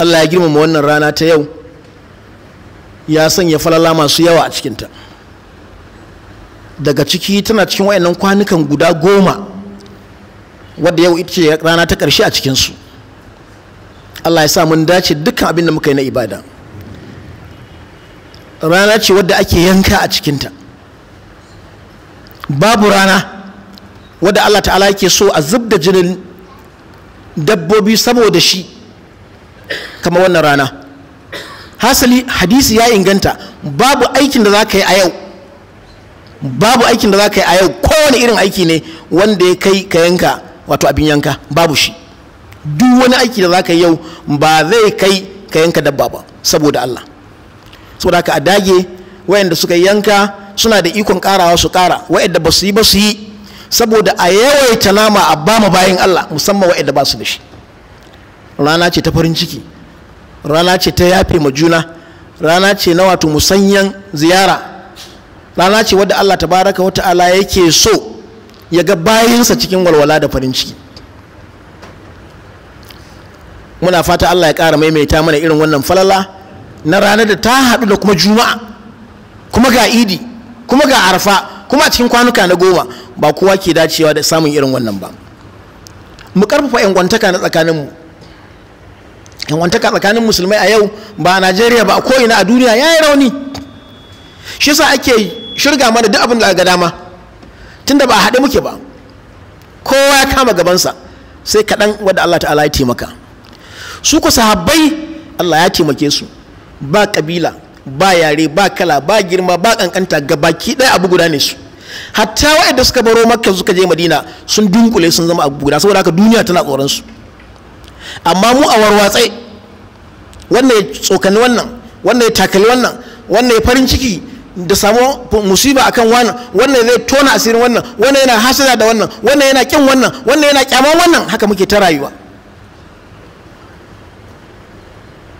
Allah ya girmama wannan rana ta yau ya sanya falala masu yawa a cikinta daga ciki tana cikin wayannan kwanukan guda goma wadda yau ita ce rana ta karshe a cikinsu Allah ya sa mun dace dukkan abin da muka yi na ibada rana ce wadda ake yanka a cikinta babu rana wadda Allah ta'ala yake so a zub da jinin dabbobi saboda shi kamar wannan rana hasali hadisi ya inganta babu aikin da za ka yi a yau babu aikin da za ka yi a yau kowane irin aiki ne wanda ya kai ka yanka wato abin yanka babu shi duk wani aiki da za ka yi yau ba zai kai ka yanka dabba ba saboda Allah saboda haka a dage wayanda suka yanka suna da ikon karawa su kara wayanda ba su yi ba su yi saboda a yawaita nama a bama bayan Allah musamman wayanda ba su da shi rana ce ta farin ciki rana ce ta yafe ma juna rana ce na wato musanyan ziyara rana ce wadda Allah tabaraka wa ta'ala yake so ya ga bayinsa cikin walwala da farin ciki muna fata Allah ya ƙara maimaita mana irin wannan falala na ranar da ta haɗu da kuma juma'a kuma ga idi kuma ga arfa kuma a cikin kwanuka na goma ba kowa ke dacewa da samun irin wannan ba mu ƙarfafa 'yan na tsakaninmu yanwantaka tsakanin musulmai a yau ba a najeriya ba a ko'ina a duniya ya yi rauni shi sa ake shirga mana duk abin da ga dama tunda ba a haɗe muke ba kowa ya kama gabansa sai kaɗan wadda allah ta'ala ya taimaka su ku sahabbai allah ya taimake su ba ƙabila ba yare ba kala ba girma ba ƙanƙanta gabaki ɗaya abu guda ne su hatta waɗanda suka baro makka suka je madina sun dunkule sun zama abu guda saboda haka duniya tana tsoron su amma mu a warwatsai wannan ya tsokani wannan wannan ya takali wannan wannan ya farin ciki da samu musiba akan wannan wannan zai tona asirin wannan wannan yana hasada da wannan wannan yana kin wannan wannan yana kyaman wannan haka muke ta rayuwa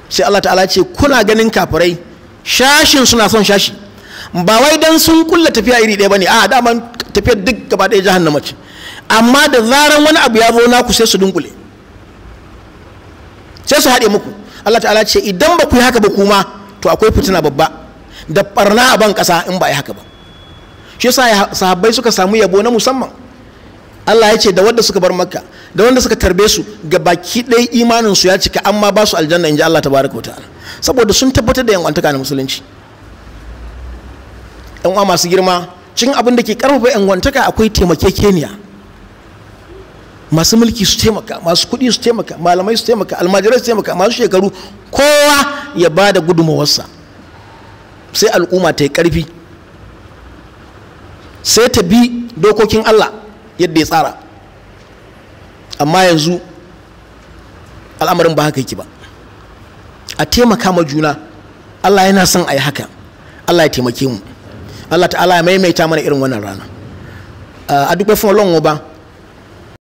sai Allah ta'ala ce kuna ganin kafirai shashin suna son shashi ba wai dan sun kulla tafiya iri ɗaya bane a daman tafiyar duk gaba ɗaya jahannama ce amma da zaran wani abu ya zo naku sai su dunkule sai su haɗe muku Allah ta'ala ce idan ba ku yi haka ba kuma to akwai fitina babba da barna a ban ƙasa in ba yi haka ba shi yasa sahabbai suka samu yabo na musamman Allah ya ce da wanda suka bar makka da wanda suka tarbe su ga baki ɗaya imanin su ya cika amma ba su aljanna inji Allah tabaraka ta'ala saboda sun tabbatar da yan'uwantaka na musulunci yan uwa masu girma cikin abin da ke karfafa yan'uwantaka akwai taimakekeniya masu mulki su taimaka masu kuɗi su taimaka malamai su taimaka almajirai su taimaka masu shekaru kowa ya ba da gudunmawarsa sai al'umma ta yi ƙarfi sai ta bi dokokin allah yadda ya tsara amma yanzu al'amarin ba haka yake ba a taimaka ma juna allah yana son a yi haka allah ya taimake mu allah ta'ala ya maimaita mana irin wannan rana a duk bafin olonwa ba